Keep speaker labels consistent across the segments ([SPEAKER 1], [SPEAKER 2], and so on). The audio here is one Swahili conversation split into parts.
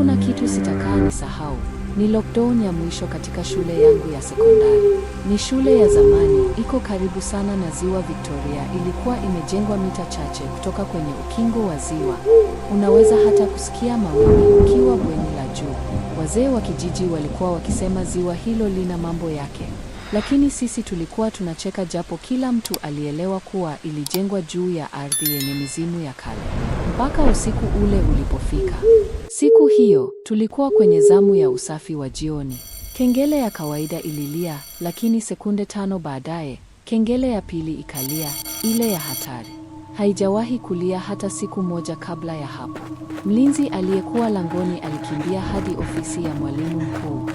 [SPEAKER 1] Hakuna kitu sitakaa nisahau. Ni lockdown ya mwisho katika shule yangu ya sekondari. Ni shule ya zamani, iko karibu sana na Ziwa Victoria. Ilikuwa imejengwa mita chache kutoka kwenye ukingo wa ziwa. Unaweza hata kusikia mawimbi ukiwa bweni la juu. Wazee wa kijiji walikuwa wakisema ziwa hilo lina mambo yake. Lakini sisi tulikuwa tunacheka japo kila mtu alielewa kuwa ilijengwa juu ya ardhi yenye mizimu ya kale. Mpaka usiku ule ulipofika. Siku hiyo tulikuwa kwenye zamu ya usafi wa jioni. Kengele ya kawaida ililia, lakini sekunde tano baadaye kengele ya pili ikalia, ile ya hatari. Haijawahi kulia hata siku moja kabla ya hapo. Mlinzi aliyekuwa langoni alikimbia hadi ofisi ya mwalimu mkuu,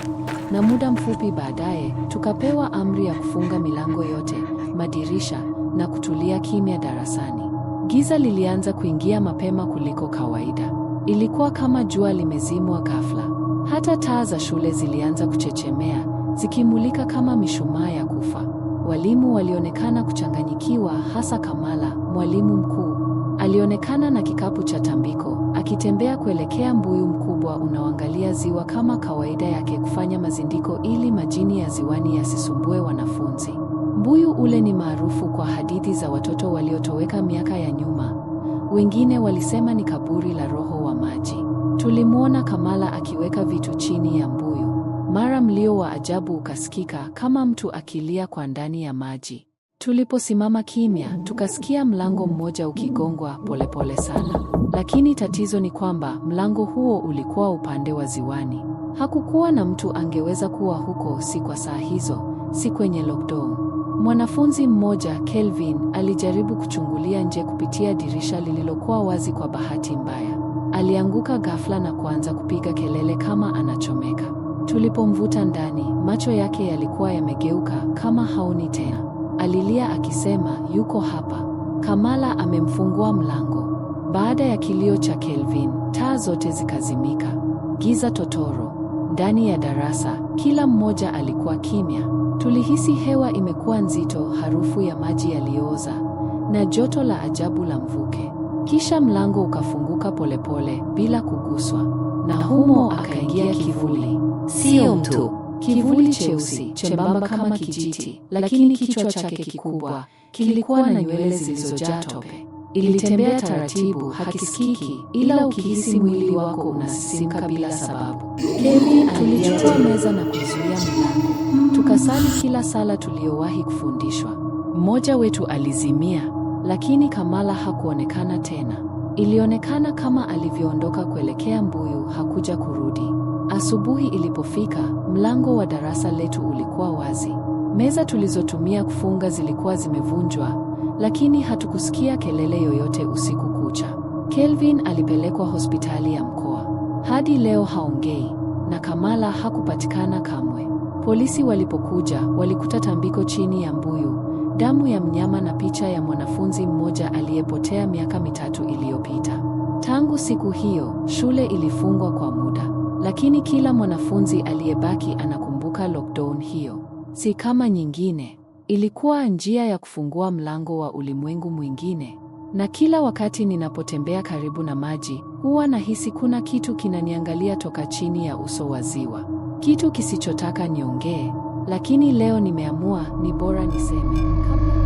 [SPEAKER 1] na muda mfupi baadaye tukapewa amri ya kufunga milango yote, madirisha na kutulia kimya darasani. Giza lilianza kuingia mapema kuliko kawaida. Ilikuwa kama jua limezimwa ghafla. Hata taa za shule zilianza kuchechemea, zikimulika kama mishumaa ya kufa. Walimu walionekana kuchanganyikiwa, hasa Kamala, mwalimu mkuu. Alionekana na kikapu cha tambiko, akitembea kuelekea mbuyu mkubwa unaoangalia ziwa kama kawaida yake kufanya mazindiko ili majini ya ziwani yasisumbue wanafunzi. Mbuyu ule ni maarufu kwa hadithi za watoto waliotoweka miaka ya nyuma. Wengine walisema ni kaburi la roho wa maji. Tulimwona Kamala akiweka vitu chini ya mbuyu. Mara mlio wa ajabu ukasikika kama mtu akilia kwa ndani ya maji. Tuliposimama kimya, tukasikia mlango mmoja ukigongwa polepole sana. Lakini tatizo ni kwamba mlango huo ulikuwa upande wa ziwani. Hakukuwa na mtu angeweza kuwa huko, si kwa saa hizo, si kwenye lockdown. Mwanafunzi mmoja Kelvin alijaribu kuchungulia nje kupitia dirisha lililokuwa wazi. Kwa bahati mbaya, alianguka ghafla na kuanza kupiga kelele kama anachomeka. Tulipomvuta ndani, macho yake yalikuwa yamegeuka kama haoni tena. Alilia akisema, yuko hapa, Kamala amemfungua mlango. Baada ya kilio cha Kelvin, taa zote zikazimika, giza totoro ndani ya darasa. Kila mmoja alikuwa kimya. Tulihisi hewa imekuwa nzito, harufu ya maji yaliyooza na joto la ajabu la mvuke. Kisha mlango ukafunguka polepole bila kuguswa, na humo akaingia kivuli. Sio mtu, kivuli cheusi chembamba kama kijiti, lakini kichwa chake kikubwa kilikuwa na nywele zilizojaa tope. Ilitembea taratibu, hakisikiki, ila ukihisi mwili wako unasisimka bila sababu. Kemi alichukua meza na kuzuia mlango. Tukasali kila sala tuliyowahi kufundishwa. Mmoja wetu alizimia, lakini Kamala hakuonekana tena. Ilionekana kama alivyoondoka kuelekea Mbuyu, hakuja kurudi. Asubuhi ilipofika, mlango wa darasa letu ulikuwa wazi. Meza tulizotumia kufunga zilikuwa zimevunjwa, lakini hatukusikia kelele yoyote usiku kucha. Kelvin alipelekwa hospitali ya mkoa. Hadi leo haongei na Kamala hakupatikana kamwe. Polisi walipokuja, walikuta tambiko chini ya mbuyu, damu ya mnyama na picha ya mwanafunzi mmoja aliyepotea miaka mitatu iliyopita. Tangu siku hiyo, shule ilifungwa kwa muda, lakini kila mwanafunzi aliyebaki anakumbuka lockdown hiyo. Si kama nyingine, ilikuwa njia ya kufungua mlango wa ulimwengu mwingine. Na kila wakati ninapotembea karibu na maji, huwa nahisi kuna kitu kinaniangalia toka chini ya uso wa ziwa kitu kisichotaka niongee, lakini leo nimeamua ni bora niseme.